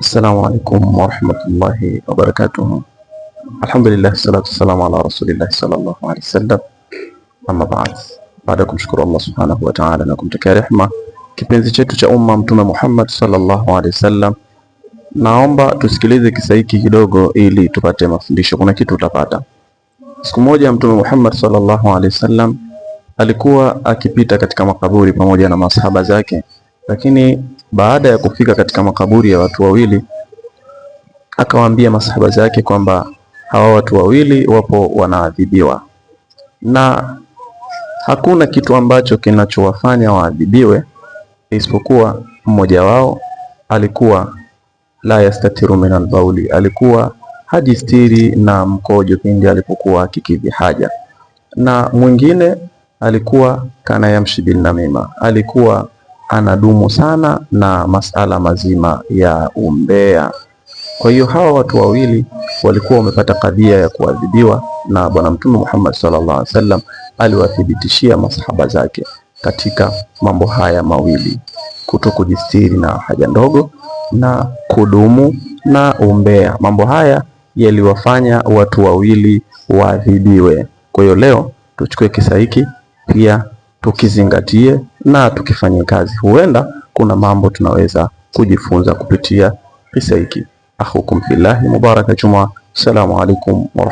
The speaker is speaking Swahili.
Assalamu alaikum warahmatullahi wabarakatuh. Alhamdulillah, salatu wassalamu ala rasulillah sallallahu alaihi wasallam. Amma baad, baada ya kumshukuru Allah subhanahu wa ta'ala na kumtakia rehma kipenzi chetu cha umma Mtume Muhammad sallallahu alaihi wasallam, naomba tusikilize kisa hiki kidogo ili tupate mafundisho. Kuna kitu utapata. Siku moja Mtume Muhammad sallallahu alaihi wasallam alikuwa akipita katika makaburi pamoja na masahaba zake, lakini baada ya kufika katika makaburi ya watu wawili, akawaambia masahaba zake kwamba hawa watu wawili wapo wanaadhibiwa, na hakuna kitu ambacho kinachowafanya waadhibiwe isipokuwa mmoja wao alikuwa la yastatiru min albauli, alikuwa hajistiri na mkojo pindi alipokuwa akikidhi haja, na mwingine alikuwa kana yamshi bin namima, alikuwa anadumu sana na masala mazima ya umbea. Kwa hiyo hawa watu wawili walikuwa wamepata kadhia ya kuadhibiwa, na Bwana Mtume Muhammad sallallahu alaihi wasallam aliwathibitishia masahaba zake katika mambo haya mawili, kuto kujistiri na haja ndogo na kudumu na umbea. Mambo haya yaliwafanya watu wawili waadhibiwe. Kwa hiyo leo tuchukue kisa hiki pia tukizingatie na tukifanye kazi, huenda kuna mambo tunaweza kujifunza kupitia kisa hiki. Akhukum fillahi Mubaraka Juma, assalamu alaikum.